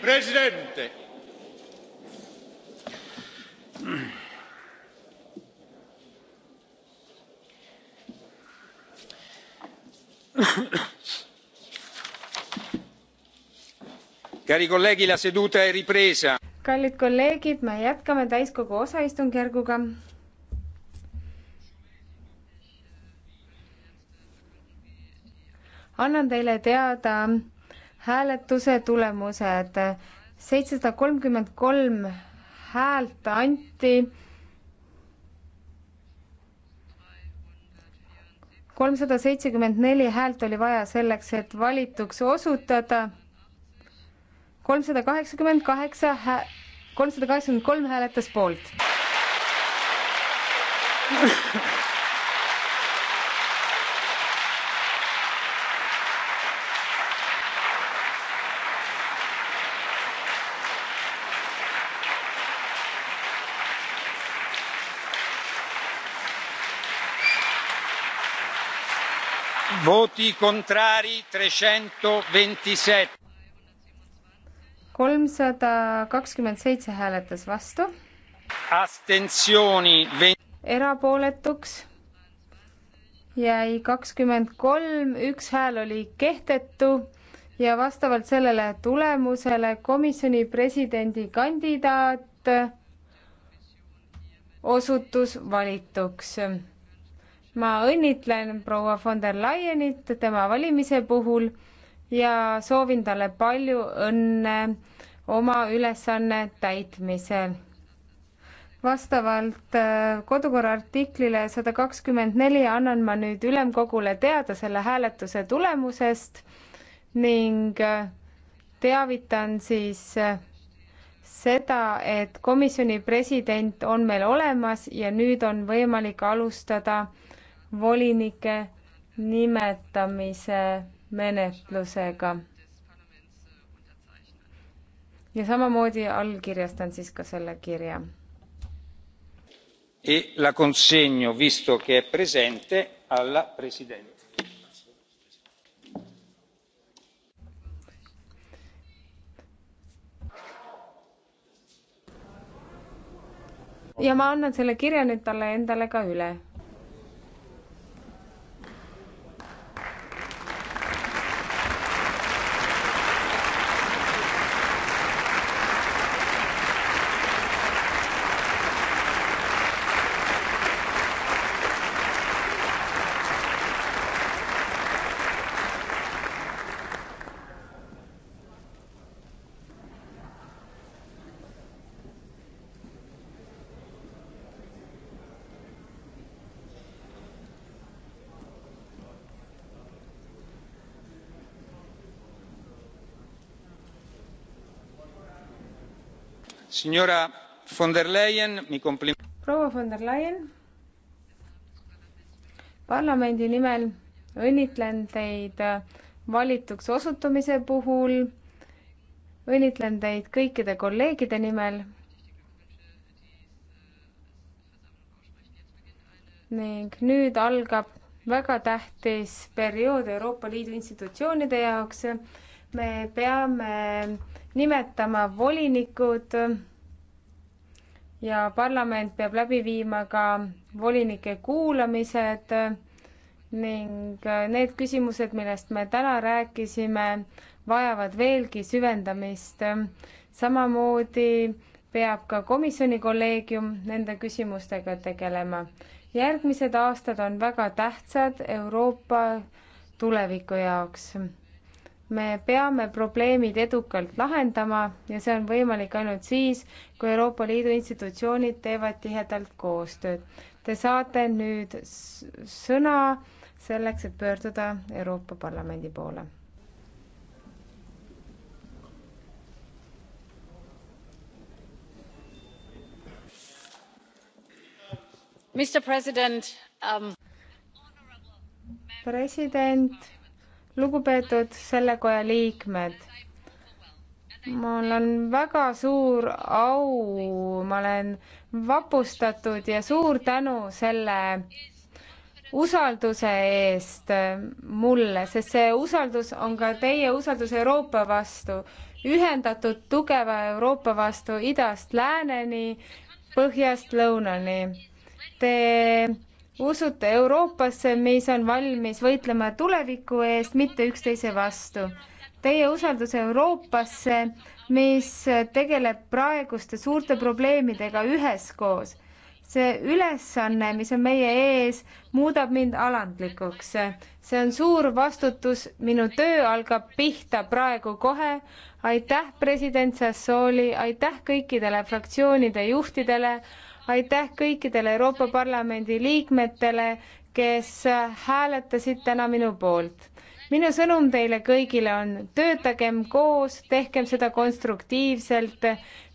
presidente cari colleghi la seduta è ripresa. kallid kolleegid me jätkame täiskogu osaistungjärguga. annan teile teada hääletuse tulemused seitsesada kolmkümmend kolm häält anti. kolmsada seitsekümmend neli häält oli vaja selleks, et valituks osutada. kolmsada kaheksakümmend kaheksa hää-, kolmsada kaheksakümmend kolm hääletas poolt voti contrari trecentoventisette. kolmsada kakskümmend seitse hääletas vastu. Astensiooni. erapooletuks jäi kakskümmend kolm, üks hääl oli kehtetu ja vastavalt sellele tulemusele komisjoni presidendi kandidaat osutus valituks ma õnnitlen proua von der Leyenit tema valimise puhul ja soovin talle palju õnne oma ülesanne täitmisel. vastavalt äh, kodukorra artiklile sada kakskümmend neli annan ma nüüd ülemkogule teada selle hääletuse tulemusest ning äh, teavitan siis äh, seda, et komisjoni president on meil olemas ja nüüd on võimalik alustada volinike nimetamise menetlusega. ja samamoodi allkirjastan siis ka selle kirja. E la consegno, visto che è presente, alla Presidente. ja ma annan selle kirja nüüd talle endale ka üle proua von der Leyen, parlamendi nimel õnnitlen teid äh, valituks osutumise puhul, õnnitlen teid kõikide kolleegide nimel ning nüüd algab väga tähtis periood Euroopa Liidu institutsioonide jaoks. me peame nimetama volinikud ja parlament peab läbi viima ka volinike kuulamised ning äh, need küsimused, millest me täna rääkisime, vajavad veelgi süvendamist. samamoodi peab ka komisjoni kolleegium nende küsimustega tegelema. järgmised aastad on väga tähtsad Euroopa tuleviku jaoks me peame probleemid edukalt lahendama ja see on võimalik ainult siis, kui Euroopa Liidu institutsioonid teevad tihedalt koostööd. Te saate nüüd sõna selleks, et pöörduda Euroopa Parlamendi poole. president um..., president lugupeetud selle koja liikmed, mul on väga suur au, ma olen vapustatud ja suur tänu selle usalduse eest mulle, sest see usaldus on ka teie usaldus Euroopa vastu, ühendatud tugeva Euroopa vastu idast lääneni, põhjast lõunani. Te usute Euroopasse, mis on valmis võitlema tuleviku eest, mitte üksteise vastu. Teie usaldus Euroopasse, mis tegeleb praeguste suurte probleemidega üheskoos. see ülesanne, mis on meie ees, muudab mind alandlikuks. see on suur vastutus, minu töö algab pihta praegu kohe. aitäh, president Sassoli, aitäh kõikidele fraktsioonide juhtidele aitäh kõikidele Euroopa Parlamendi liikmetele, kes hääletasid täna minu poolt. minu sõnum teile kõigile on, töötagem koos, tehkem seda konstruktiivselt,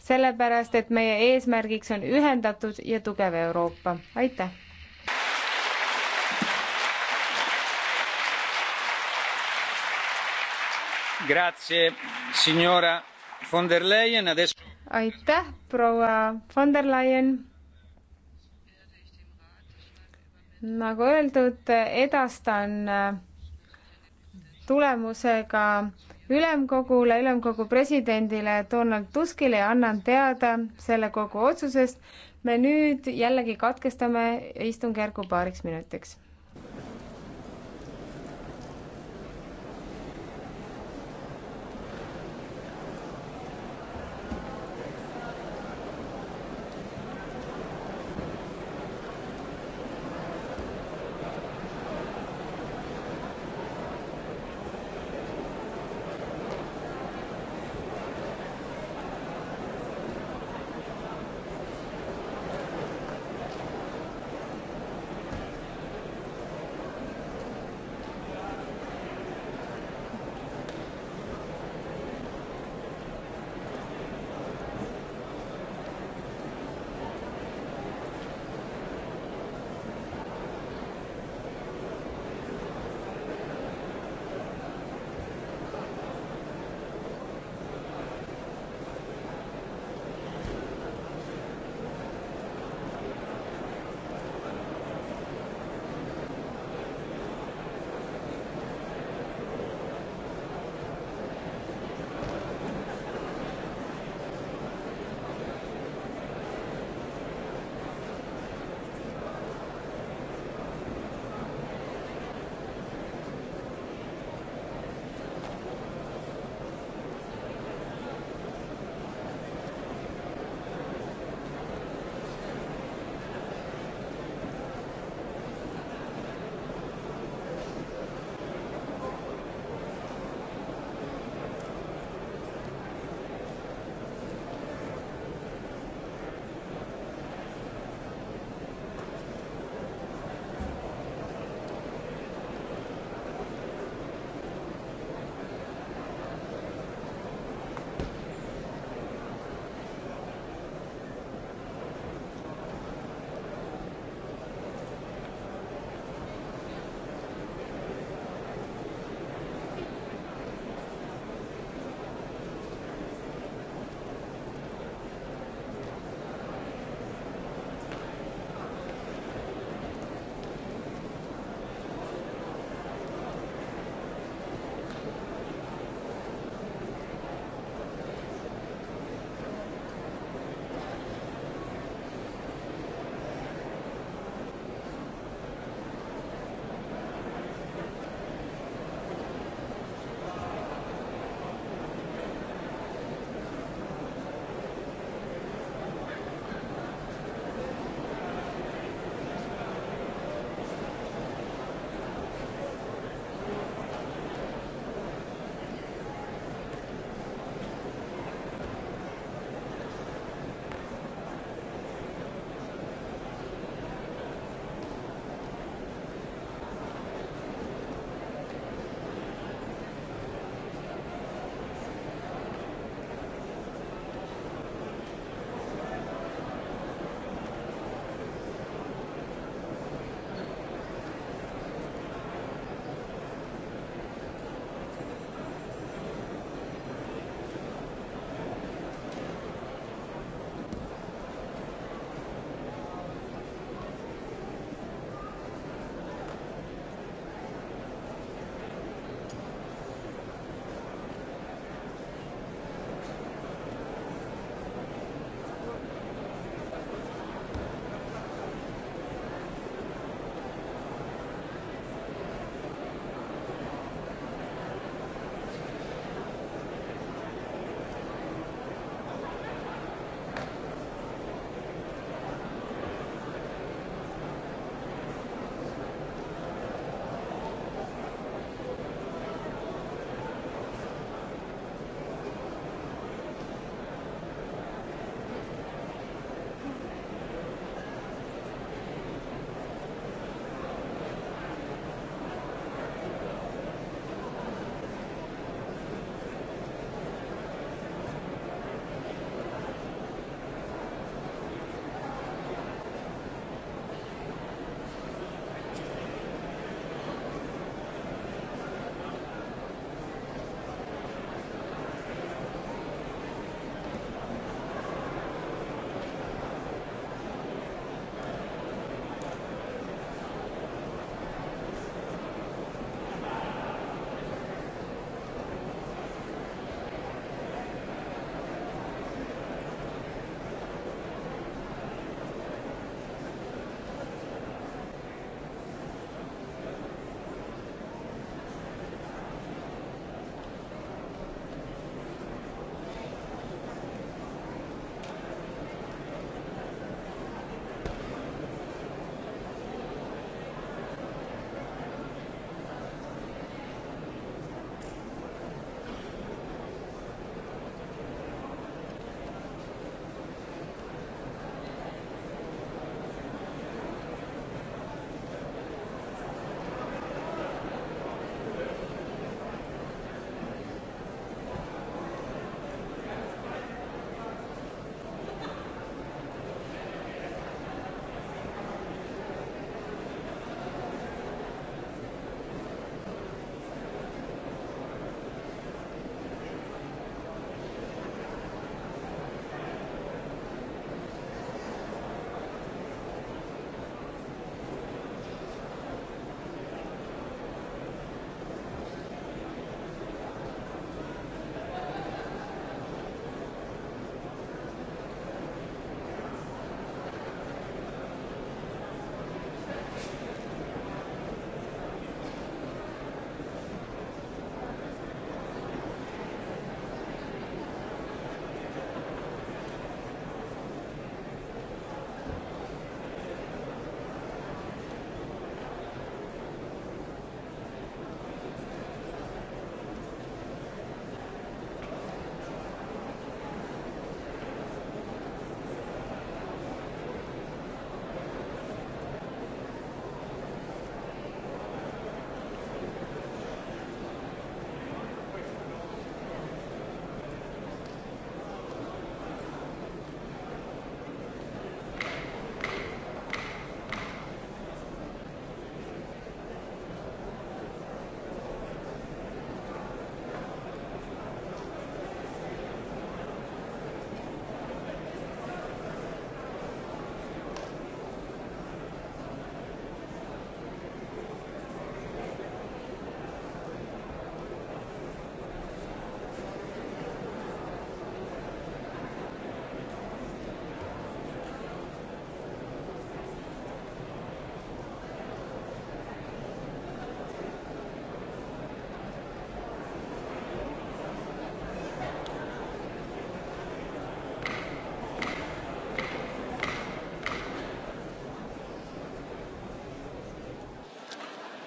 sellepärast et meie eesmärgiks on ühendatud ja tugev Euroopa. aitäh! Grazie, signora von der Leyen. aitäh, proua von der Leyen nagu öeldud, edastan äh, tulemusega ülemkogule, ülemkogu presidendile Donald Tuskile ja annan teada selle kogu otsusest. me nüüd jällegi katkestame istungjärgu paariks minutiks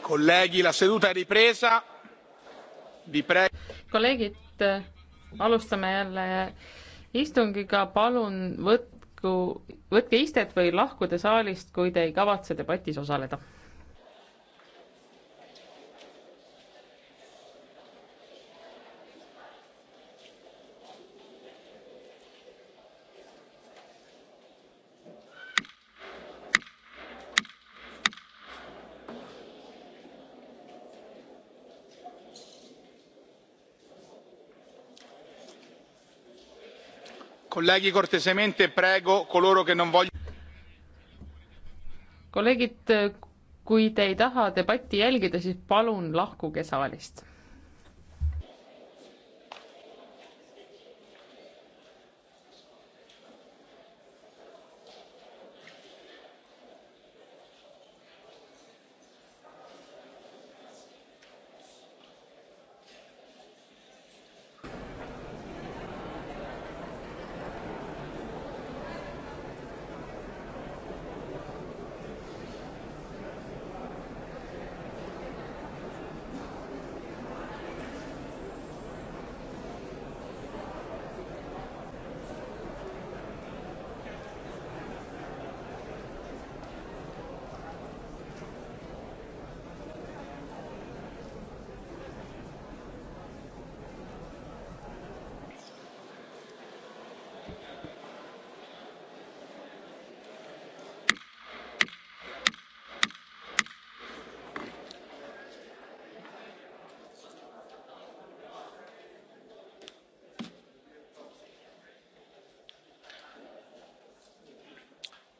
kolleegid, la seduta ripresa. kolleegid, alustame jälle istungiga, palun võtku, võtke istet või lahkuge saalist, kui te ei kavatse debatis osaleda colleghi cortesemente prego coloro che non vogliono. kolleegid kui te ei taha debatti jälgida siis palun lahkuge saalist.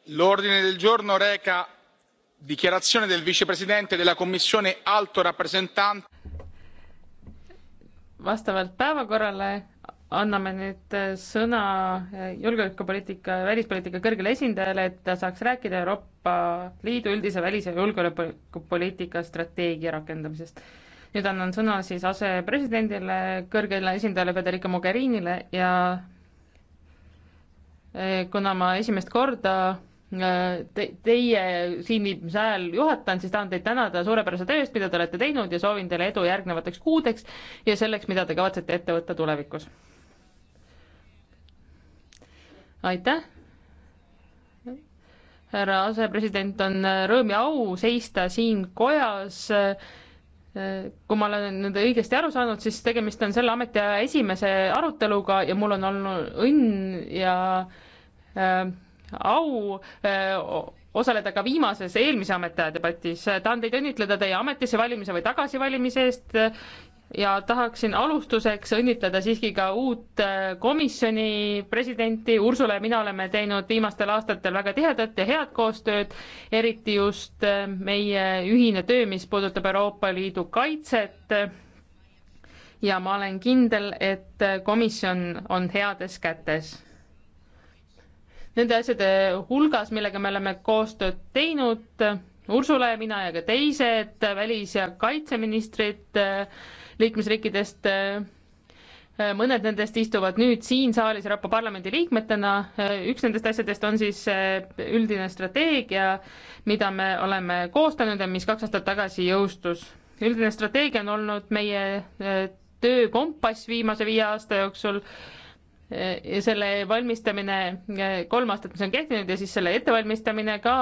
l'ordine del giorno reca dichiarazione del vicepresidente della commissione alto rappresentante vastavalt päevakorrale anname nüüd äh, sõna äh, julgeolekupoliitika ja välispoliitika kõrgele esindajale, et ta saaks rääkida Euroopa Liidu üldise välis- ja julgeolekupoliitika strateegia rakendamisest. nüüd annan sõna siis asepresidendile, kõrgele esindajale Federica Mogherinile ja äh, kuna ma esimest korda te, teie siin viibimise ajal juhatan, siis tahan teid tänada suurepärase töö eest, mida te olete teinud ja soovin teile edu järgnevateks kuudeks ja selleks, mida te kavatsete ette võtta tulevikus. aitäh. härra asepresident, on rõõm ja au seista siin kojas. kui ma olen nüüd õigesti aru saanud, siis tegemist on selle ametiaja esimese aruteluga ja mul on olnud õnn ja äh, au osaleda ka viimases eelmise ametiaja debatis. tahan teid õnnitleda teie ametisse valimise või tagasivalimise eest ja tahaksin alustuseks õnnitleda siiski ka uut komisjoni presidenti. Ursula ja mina oleme teinud viimastel aastatel väga tihedat ja head koostööd, eriti just meie ühine töö, mis puudutab Euroopa Liidu kaitset. ja ma olen kindel, et komisjon on heades kätes nende asjade hulgas, millega me oleme koostööd teinud, Ursula ja mina ja ka teised välis- ja kaitseministrid liikmesriikidest, mõned nendest istuvad nüüd siin saalis Euroopa Parlamendi liikmetena, üks nendest asjadest on siis üldine strateegia, mida me oleme koostanud ja mis kaks aastat tagasi jõustus. üldine strateegia on olnud meie eh, töökompass viimase viie aasta jooksul ja selle valmistamine kolm aastat, mis on kehtinud ja siis selle ettevalmistamine ka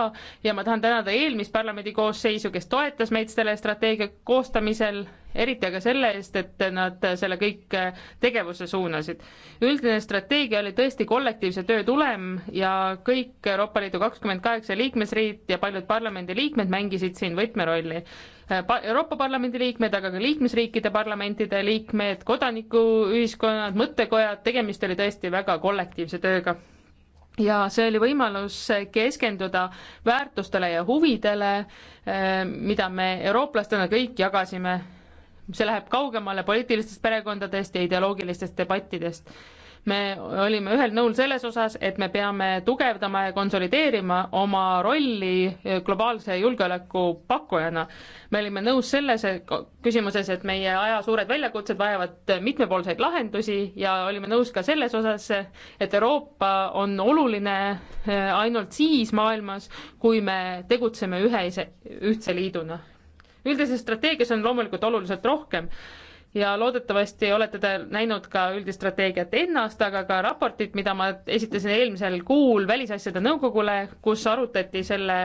ja ma tahan tänada eelmist parlamendi koosseisu, kes toetas meid selle strateegia koostamisel, eriti aga selle eest, et nad selle kõik tegevuse suunasid. üldine strateegia oli tõesti kollektiivse töö tulem ja kõik Euroopa Liidu kakskümmend kaheksa liikmesriik ja paljud parlamendi liikmed mängisid siin võtmerolli. Eh, Euroopa Parlamendi liikmed, aga ka liikmesriikide parlamentide liikmed, kodanikuühiskonnad, mõttekojad, tegemist oli tõesti väga kollektiivse tööga. ja see oli võimalus keskenduda väärtustele ja huvidele, eh, mida me eurooplastena kõik jagasime. see läheb kaugemale poliitilistest perekondadest ja ideoloogilistest debattidest me olime ühel nõul selles osas, et me peame tugevdama ja konsolideerima oma rolli globaalse julgeoleku pakkujana. me olime nõus selles küsimuses, et meie aja suured väljakutsed vajavad mitmepoolseid lahendusi ja olime nõus ka selles osas, et Euroopa on oluline äh, ainult siis maailmas, kui me tegutseme ühe, ühtse liiduna üldises strateegias on loomulikult oluliselt rohkem ja loodetavasti olete te näinud ka üldstrateegiat ennast, aga ka raportit, mida ma esitasin eelmisel kuul Välisasjade Nõukogule, kus arutati selle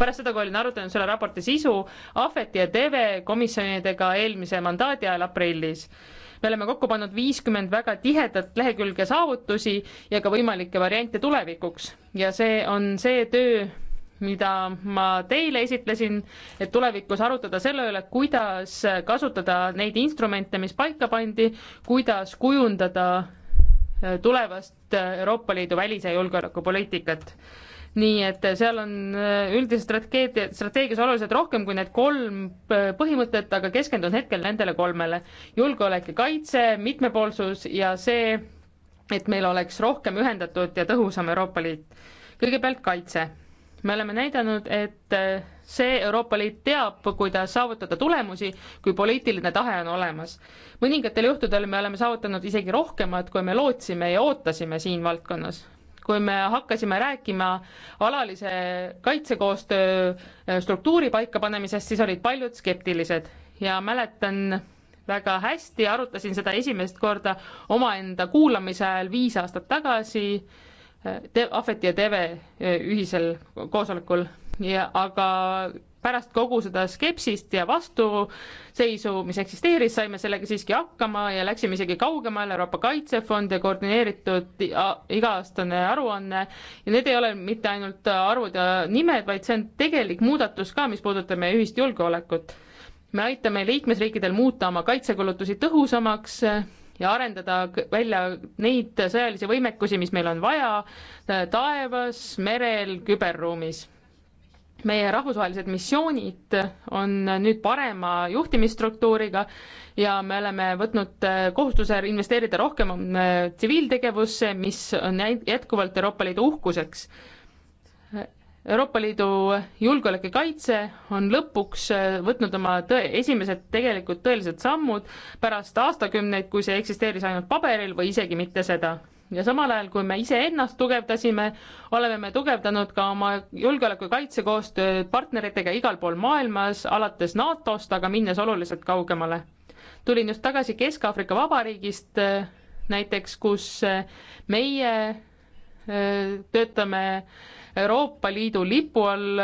pärast seda, kui olin arutanud selle raporti sisu Ahveti ja TV komisjonidega eelmise mandaadi ajal aprillis. me oleme kokku pannud viiskümmend väga tihedat lehekülge saavutusi ja ka võimalikke variante tulevikuks ja see on see töö, mida ma teile esitlesin, et tulevikus arutada selle üle, kuidas kasutada neid instrumente, mis paika pandi, kuidas kujundada äh, tulevast äh, Euroopa Liidu välis- ja julgeolekupoliitikat. nii et äh, seal on üldises strateegia, strateegias oluliselt rohkem kui need kolm põhimõtet, aga keskendun hetkel nendele kolmele. julgeolek ja kaitse, mitmepoolsus ja see, et meil oleks rohkem ühendatud ja tõhusam Euroopa Liit. kõigepealt kaitse me oleme näidanud, et eh, see Euroopa Liit teab, kuidas saavutada tulemusi, kui poliitiline tahe on olemas. mõningatel juhtudel me oleme saavutanud isegi rohkemat, kui me lootsime ja ootasime siin valdkonnas. kui me hakkasime rääkima alalise kaitsekoostöö eh, struktuuri paikapanemisest, siis olid paljud skeptilised ja mäletan väga hästi, arutasin seda esimest korda omaenda kuulamise ajal viis aastat tagasi te-, Ahveti ja Teve ühisel koosolekul ja aga pärast kogu seda skepsist ja vastuseisu, mis eksisteeris, saime sellega siiski hakkama ja läksime isegi kaugemale, Euroopa Kaitsefond ja koordineeritud iga-aastane aruanne ja need ei ole mitte ainult arvud ja nimed, vaid see on tegelik muudatus ka, mis puudutab meie ühist julgeolekut. me aitame liikmesriikidel muuta oma kaitsekulutusi tõhusamaks ja arendada välja neid sõjalisi võimekusi, mis meil on vaja taevas, merel, küberruumis. meie rahvusvahelised missioonid on nüüd parema juhtimisstruktuuriga ja me oleme võtnud äh, kohustuse investeerida rohkem äh, tsiviiltegevusse, mis on jätkuvalt Euroopa Liidu uhkuseks Euroopa Liidu julgeolek ja kaitse on lõpuks äh, võtnud oma tõe, esimesed tegelikult tõelised sammud pärast aastakümneid, kui see eksisteeris ainult paberil või isegi mitte seda. ja samal ajal, kui me iseennast tugevdasime, oleme me tugevdanud ka oma julgeoleku ja kaitsekoostööd partneritega igal pool maailmas, alates NATO-st, aga minnes oluliselt kaugemale. tulin just tagasi Kesk-Aafrika Vabariigist äh, näiteks, kus äh, meie töötame Euroopa Liidu lipu all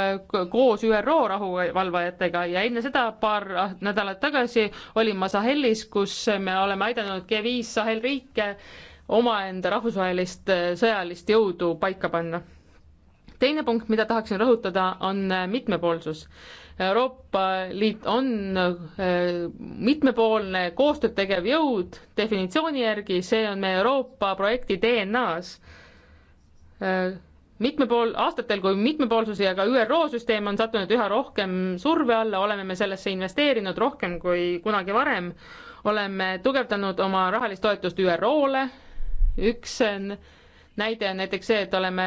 koos ÜRO rahuvalvajatega ja enne seda paar nädalat tagasi olin ma Sahelis, kus me oleme aidanud G5 Sahel riike omaenda rahvusvahelist sõjalist jõudu paika panna. teine punkt, mida tahaksin rõhutada, on mitmepoolsus. Euroopa Liit on äh, mitmepoolne koostööd tegev jõud definitsiooni järgi, see on meie Euroopa projekti DNA-s äh, mitmepool, aastatel, kui mitmepoolsus ja ka ÜRO süsteem on sattunud üha rohkem surve alla, oleme me sellesse investeerinud rohkem kui kunagi varem. oleme tugevdanud oma rahalist toetust ÜRO-le, üks äh, näide on näiteks see, et oleme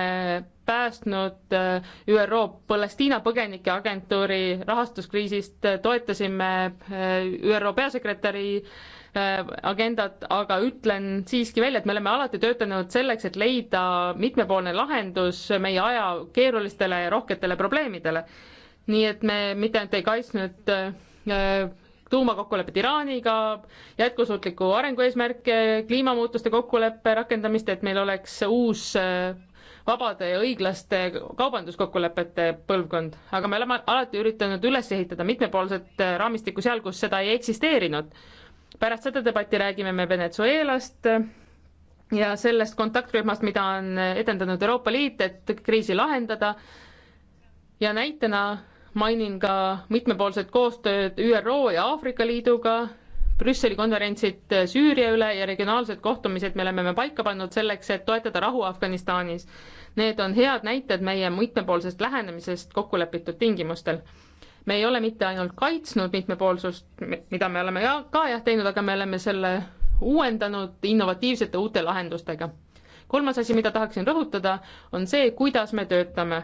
päästnud äh, ÜRO Palestiina põgenike agentuuri rahastuskriisist, äh, toetasime ÜRO peasekretäri äh, Äh, agendat, aga ütlen siiski välja, et me oleme alati töötanud selleks, et leida mitmepoolne lahendus meie aja keerulistele ja rohketele probleemidele. nii et me mitte ainult ei kaitsnud äh, tuumakokkulepet Iraaniga, jätkusuutliku arengu eesmärke, kliimamuutuste kokkuleppe rakendamist, et meil oleks uus äh, vabade ja õiglaste kaubanduskokkulepete põlvkond, aga me oleme alati üritanud üles ehitada mitmepoolset raamistikku seal, kus seda ei eksisteerinud pärast seda debatti räägime me Venezuelast ja sellest kontaktrühmast, mida on edendanud Euroopa Liit, et kriisi lahendada. ja näitena mainin ka mitmepoolset koostööd ÜRO ja Aafrika Liiduga, Brüsseli konverentsid Süüria üle ja regionaalsed kohtumised me oleme paika pannud selleks, et toetada rahu Afganistanis. Need on head näited meie mitmepoolsest lähenemisest kokkulepitud tingimustel me ei ole mitte ainult kaitsnud mitmepoolsust, mida me oleme ka jah teinud, aga me oleme selle uuendanud innovatiivsete uute lahendustega. kolmas asi, mida tahaksin rõhutada, on see, kuidas me töötame.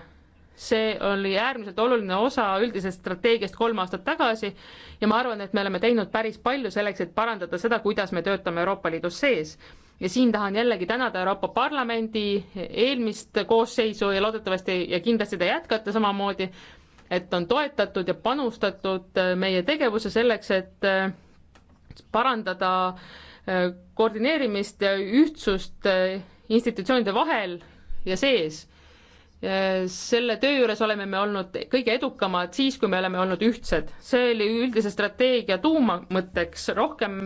see oli äärmiselt oluline osa üldisest strateegiast kolm aastat tagasi ja ma arvan, et me oleme teinud päris palju selleks, et parandada seda, kuidas me töötame Euroopa Liidus sees ja siin tahan jällegi tänada Euroopa Parlamendi eelmist koosseisu ja loodetavasti ja kindlasti te jätkate samamoodi et on toetatud ja panustatud äh, meie tegevuse selleks, et äh, parandada äh, koordineerimist ja ühtsust institutsioonide vahel ja sees. selle töö juures oleme me olnud kõige edukamad siis, kui me oleme olnud ühtsed. see oli üldise strateegia tuumamõtteks, rohkem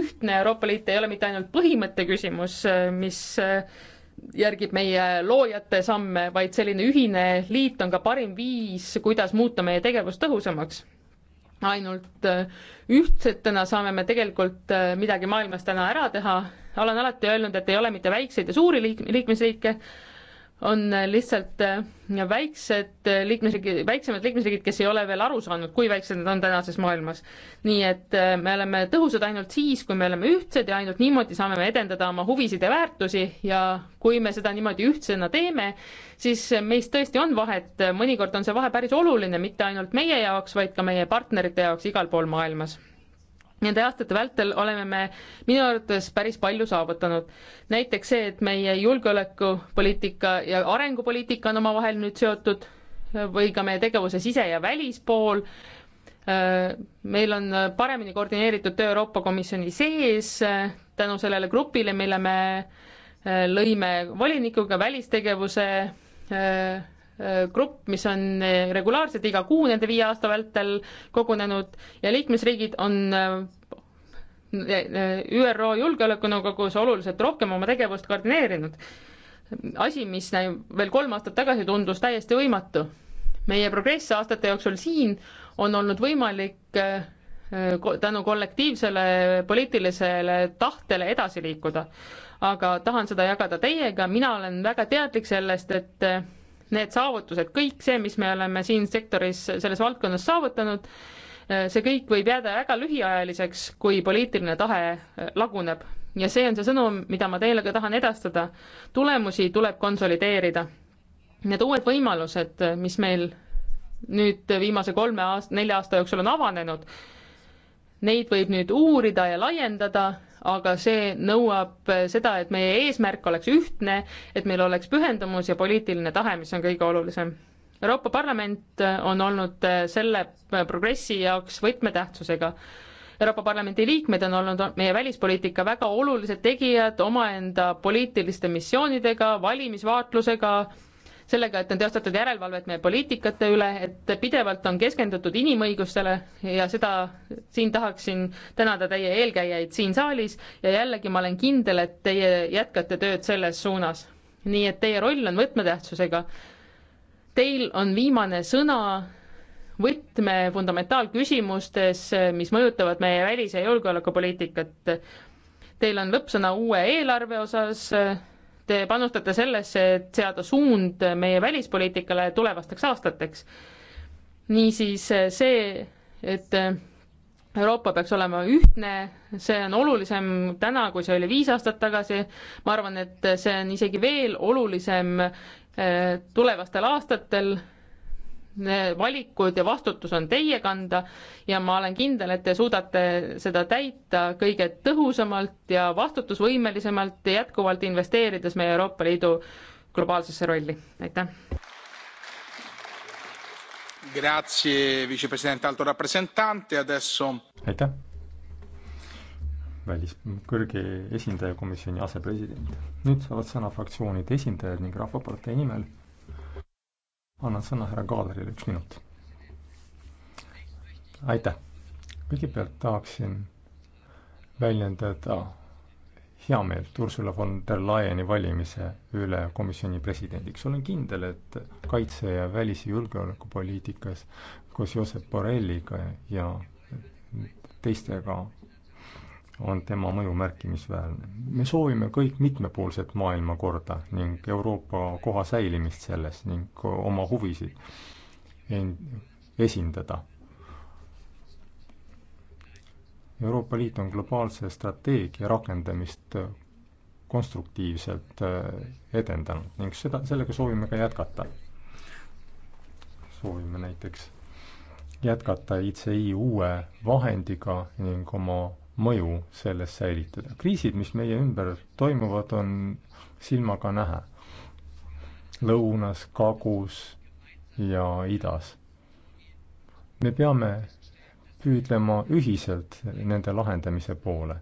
ühtne Euroopa Liit ei ole mitte ainult põhimõtte küsimus, mis järgib meie loojate samme, vaid selline ühine liit on ka parim viis, kuidas muuta meie tegevus tõhusamaks. ainult äh, ühtsetena saame me tegelikult äh, midagi maailmas täna ära teha. olen alati öelnud, et ei ole mitte väikseid ja suuri liik-, liikmesriike, on lihtsalt äh, väiksed äh, liikmesriigid, väiksemad liikmesriigid, kes ei ole veel aru saanud, kui väiksed nad on tänases maailmas. nii et äh, me oleme tõhusad ainult siis, kui me oleme ühtsed ja ainult niimoodi saame me edendada oma huvisid ja väärtusi ja kui me seda niimoodi ühtsena teeme, siis meist tõesti on vahet, mõnikord on see vahe päris oluline, mitte ainult meie jaoks, vaid ka meie partnerite jaoks igal pool maailmas Nende aastate vältel oleme me minu arvates päris palju saavutanud. näiteks see, et meie julgeolekupoliitika ja arengupoliitika on omavahel nüüd seotud või ka meie tegevuse sise- ja välispool. meil on paremini koordineeritud töö Euroopa Komisjoni sees tänu sellele grupile, mille me lõime volinikuga välistegevuse Äh, grupp, mis on äh, regulaarselt iga kuu nende viie aasta vältel kogunenud ja liikmesriigid on äh, ÜRO Julgeolekunõukogus oluliselt rohkem oma tegevust koordineerinud. asi, mis veel kolm aastat tagasi tundus täiesti võimatu. meie progress aastate jooksul siin on olnud võimalik tänu kollektiivsele poliitilisele tahtele edasi liikuda. aga tahan seda jagada teiega, mina olen väga teadlik sellest, et need saavutused, kõik see, mis me oleme siin sektoris, selles valdkonnas saavutanud, see kõik võib jääda väga lühiajaliseks, kui poliitiline tahe laguneb. ja see on see sõnum, mida ma teile ka tahan edastada. tulemusi tuleb konsolideerida. Need uued võimalused, mis meil nüüd viimase kolme aasta, nelja aasta jooksul on avanenud, neid võib nüüd uurida ja laiendada aga see nõuab eh, seda, et meie eesmärk oleks ühtne, et meil oleks pühendumus ja poliitiline tahe, mis on kõige olulisem. Euroopa Parlament eh, on olnud eh, selle progressi jaoks võtmetähtsusega. Euroopa Parlamendi liikmed on olnud meie välispoliitika väga olulised tegijad omaenda poliitiliste missioonidega, valimisvaatlusega, sellega, et on teostatud järelevalvet meie poliitikate üle, et pidevalt on keskendutud inimõigustele ja seda siin tahaksin tänada teie eelkäijaid siin saalis ja jällegi ma olen kindel, et teie jätkate tööd selles suunas. nii et teie roll on võtmetähtsusega. Teil on viimane sõna võtme fundamentaalküsimustes, mis mõjutavad meie välis- ja julgeolekupoliitikat. Teil on lõppsõna uue eelarve osas te panustate sellesse, et seada suund meie välispoliitikale tulevasteks aastateks. niisiis see, et Euroopa peaks olema ühtne, see on olulisem täna, kui see oli viis aastat tagasi. ma arvan, et see on isegi veel olulisem eh, tulevastel aastatel valikud ja vastutus on teie kanda ja ma olen kindel, et te suudate seda täita kõige tõhusamalt ja vastutusvõimelisemalt, jätkuvalt investeerides meie Euroopa Liidu globaalsesse rolli, aitäh. aitäh. välis-, kõrge esindaja komisjoni asepresident. nüüd saavad sõna fraktsioonide esindajad ning Rahvapartei nimel annan sõna härra Kaalerile, üks minut. aitäh. kõigepealt tahaksin väljendada heameelt Ursula von der Leyeni valimise üle komisjoni presidendiks. olen kindel, et kaitse- ja välis- ja julgeolekupoliitikas koos Josep Borrelliga ja teistega on tema mõju märkimisväärne. me soovime kõik mitmepoolset maailmakorda ning Euroopa koha säilimist selles ning oma huvisid esindada. Euroopa Liit on globaalse strateegia rakendamist konstruktiivselt äh, edendanud ning seda, sellega soovime ka jätkata. soovime näiteks jätkata ICI uue vahendiga ning oma mõju selles säilitada. kriisid, mis meie ümber toimuvad, on silmaga näha. lõunas, kagus ja idas. me peame püüdlema ühiselt nende lahendamise poole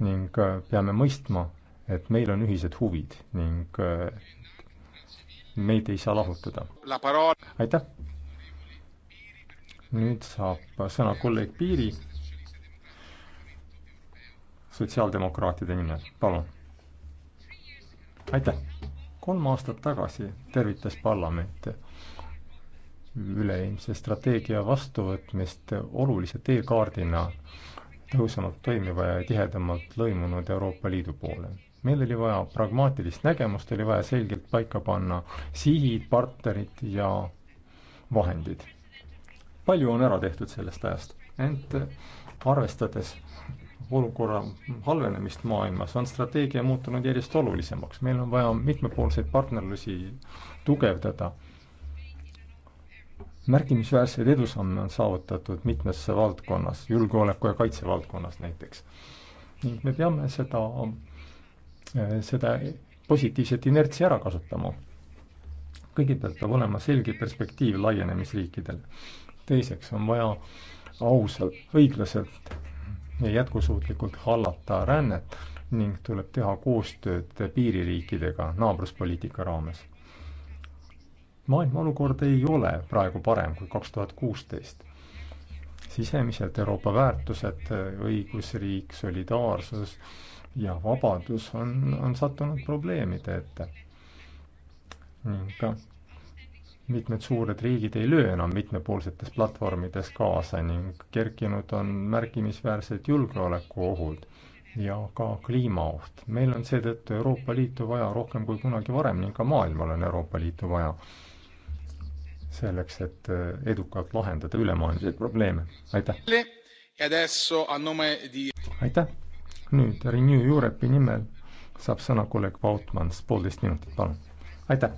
ning äh, peame mõistma, et meil on ühised huvid ning äh, meid ei saa lahutada. aitäh! nüüd saab sõna kolleeg Piiri sotsiaaldemokraatide nimel, palun. aitäh. kolm aastat tagasi tervitas parlament üleilmse strateegia vastuvõtmist olulise teekaardina tõhusamalt toimiva ja tihedamalt lõimunud Euroopa Liidu poole. meil oli vaja pragmaatilist nägemust, oli vaja selgelt paika panna sihid, partnerid ja vahendid. palju on ära tehtud sellest ajast, ent arvestades olukorra halvenemist maailmas, on strateegia muutunud järjest olulisemaks. meil on vaja mitmepoolseid partnerlusi tugevdada. märkimisväärseid edusamme on saavutatud mitmes valdkonnas, julgeoleku ja kaitse valdkonnas näiteks. ning me peame seda, seda positiivset inertsi ära kasutama. kõigepealt peab olema selge perspektiiv laienemisriikidel. teiseks on vaja ausalt, õiglaselt ja jätkusuutlikult hallata rännet ning tuleb teha koostööd piiririikidega naabruspoliitika raames. maailma olukord ei ole praegu parem kui kaks tuhat kuusteist. sisemiselt Euroopa väärtused, õigusriik, solidaarsus ja vabadus on, on sattunud probleemide ette. ning mitmed suured riigid ei löö enam mitmepoolsetes platvormides kaasa ning kerkinud on märkimisväärsed julgeolekuohud ja ka kliimaoht. meil on seetõttu Euroopa Liitu vaja rohkem kui kunagi varem ning ka maailmal on Euroopa Liitu vaja selleks, et äh, edukalt lahendada ülemaailmseid probleeme. aitäh! aitäh! nüüd Renew Europe'i nimel saab sõna kolleeg Vautmans, poolteist minutit, palun. aitäh!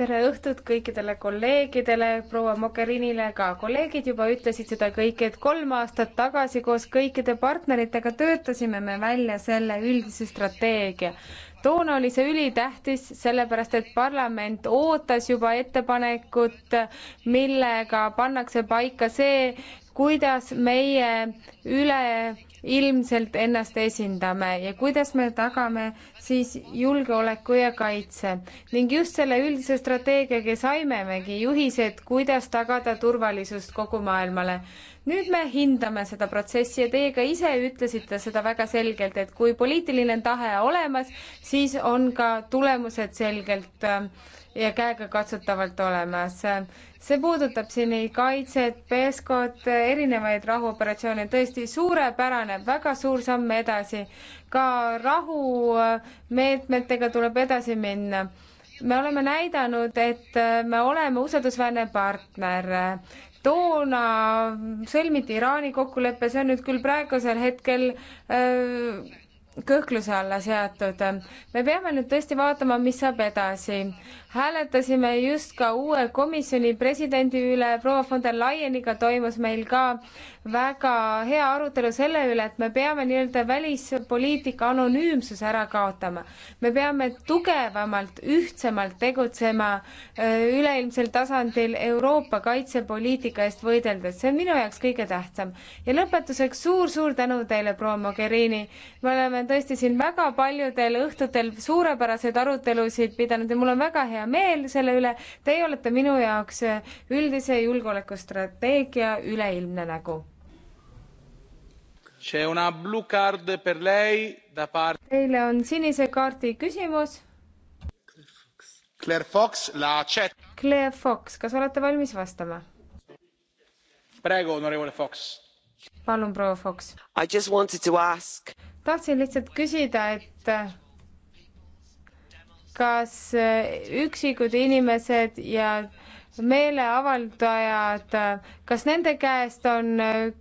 tere õhtut kõikidele kolleegidele, proua Mogherinile, ka kolleegid juba ütlesid seda kõike, et kolm aastat tagasi koos kõikide partneritega töötasime me välja selle üldise strateegia. toona oli see ülitähtis, sellepärast et parlament ootas juba ettepanekut, millega pannakse paika see, kuidas meie üleilmselt ennast esindame ja kuidas me tagame siis julgeoleku ja kaitse ning just selle üldise strateegiaga saimegi juhised, kuidas tagada turvalisust kogu maailmale. nüüd me hindame seda protsessi ja teie ka ise ütlesite seda väga selgelt, et kui poliitiline tahe olemas, siis on ka tulemused selgelt äh, ja käegakatsutavalt olemas. see puudutab siin nii kaitset, peskot, erinevaid rahuoperatsioone, tõesti suurepärane, väga suur samm edasi. ka rahumeetmetega tuleb edasi minna me oleme näidanud, et me oleme usaldusväärne partner. toona sõlmiti Iraani kokkulepe, see on nüüd küll praegusel hetkel öö, äh, kõhkluse alla seatud. me peame nüüd tõesti vaatama, mis saab edasi hääletasime just ka uue komisjoni presidendi üle, proua von der Leyeniga toimus meil ka väga hea arutelu selle üle, et me peame nii-öelda välispoliitika anonüümsuse ära kaotama. me peame tugevamalt, ühtsemalt tegutsema äh, üleilmsel tasandil Euroopa kaitsepoliitika eest võideldes, see on minu jaoks kõige tähtsam. ja lõpetuseks suur-suur tänu teile, proua Mogherini, me oleme tõesti siin väga paljudel õhtutel suurepäraseid arutelusid pidanud ja mul on väga hea hea meel selle üle. Teie olete minu jaoks üldise julgeolekustrateegia üleilmne nägu. Teile on sinise kaardi küsimus. Claire Fox, la accetta. Claire Fox, kas olete valmis vastama? Prego, onorevole Fox. palun, proua Fox. I just wanted to ask. tahtsin lihtsalt küsida, et kas äh, üksikud inimesed ja meeleavaldajad, kas nende käest on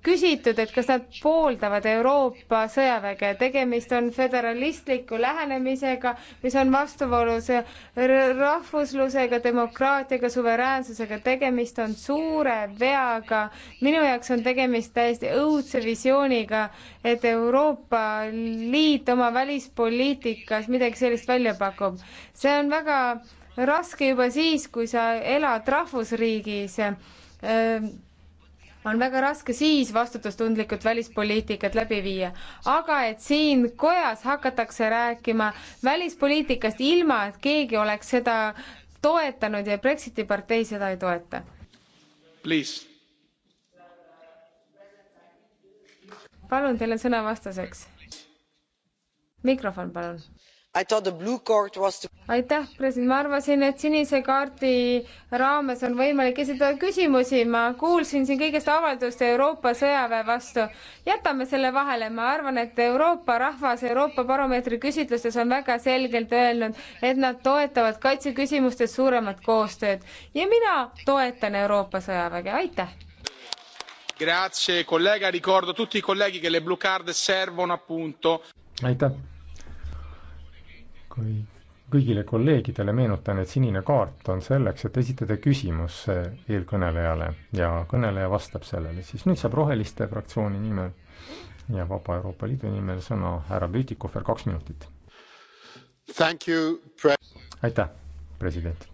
küsitud, et kas nad pooldavad Euroopa sõjaväge, tegemist on föderalistliku lähenemisega, mis on vastuvoolus rahvuslusega, demokraatiaga, suveräänsusega, tegemist on suure veaga. minu jaoks on tegemist täiesti õudse visiooniga, et Euroopa Liit oma välispoliitikas midagi sellist välja pakub. see on väga raske juba siis, kui sa elad rahvusriigis äh, on väga raske siis vastutustundlikult välispoliitikat läbi viia. aga et siin kojas hakatakse rääkima välispoliitikast ilma, et keegi oleks seda toetanud ja Brexiti partei seda ei toeta. palun, teil on sõna vastuseks. mikrofon, palun aitäh, president, ma arvasin, et sinise kaardi raames on võimalik esitada küsimusi, ma kuulsin siin kõigest avaldust Euroopa sõjaväe vastu. jätame selle vahele, ma arvan, et Euroopa rahvas Euroopa Baromeetri küsitlustes on väga selgelt öelnud, et nad toetavad kaitseküsimustes suuremat koostööd ja mina toetan Euroopa sõjaväge, aitäh grazie collega ricordo a tutti i colleghi che le blue card servono appunto aitäh kõik, kõigile kolleegidele meenutan, et sinine kaart on selleks, et esitada küsimus eh, eelkõnelejale ja kõneleja vastab sellele, siis nüüd saab Roheliste fraktsiooni nimel ja Vaba Euroopa Liidu nimel sõna härra Bütikofer, kaks minutit. aitäh, president.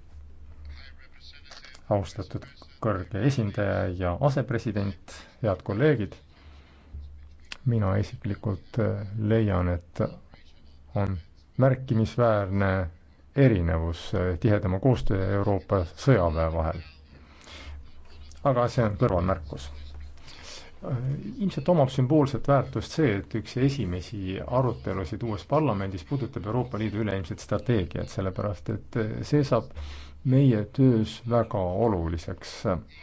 austatud kõrge esindaja ja asepresident, head kolleegid. mina isiklikult eh, leian, et on märkimisväärne erinevus eh, tihedama koostöö Euroopa sõjaväe vahel. aga see on kõrvalmärkus. Eh, ilmselt omab sümboolset väärtust see, et üks esimesi arutelusid uues parlamendis puudutab Euroopa Liidu üleilmset strateegiat, sellepärast et eh, see saab meie töös väga oluliseks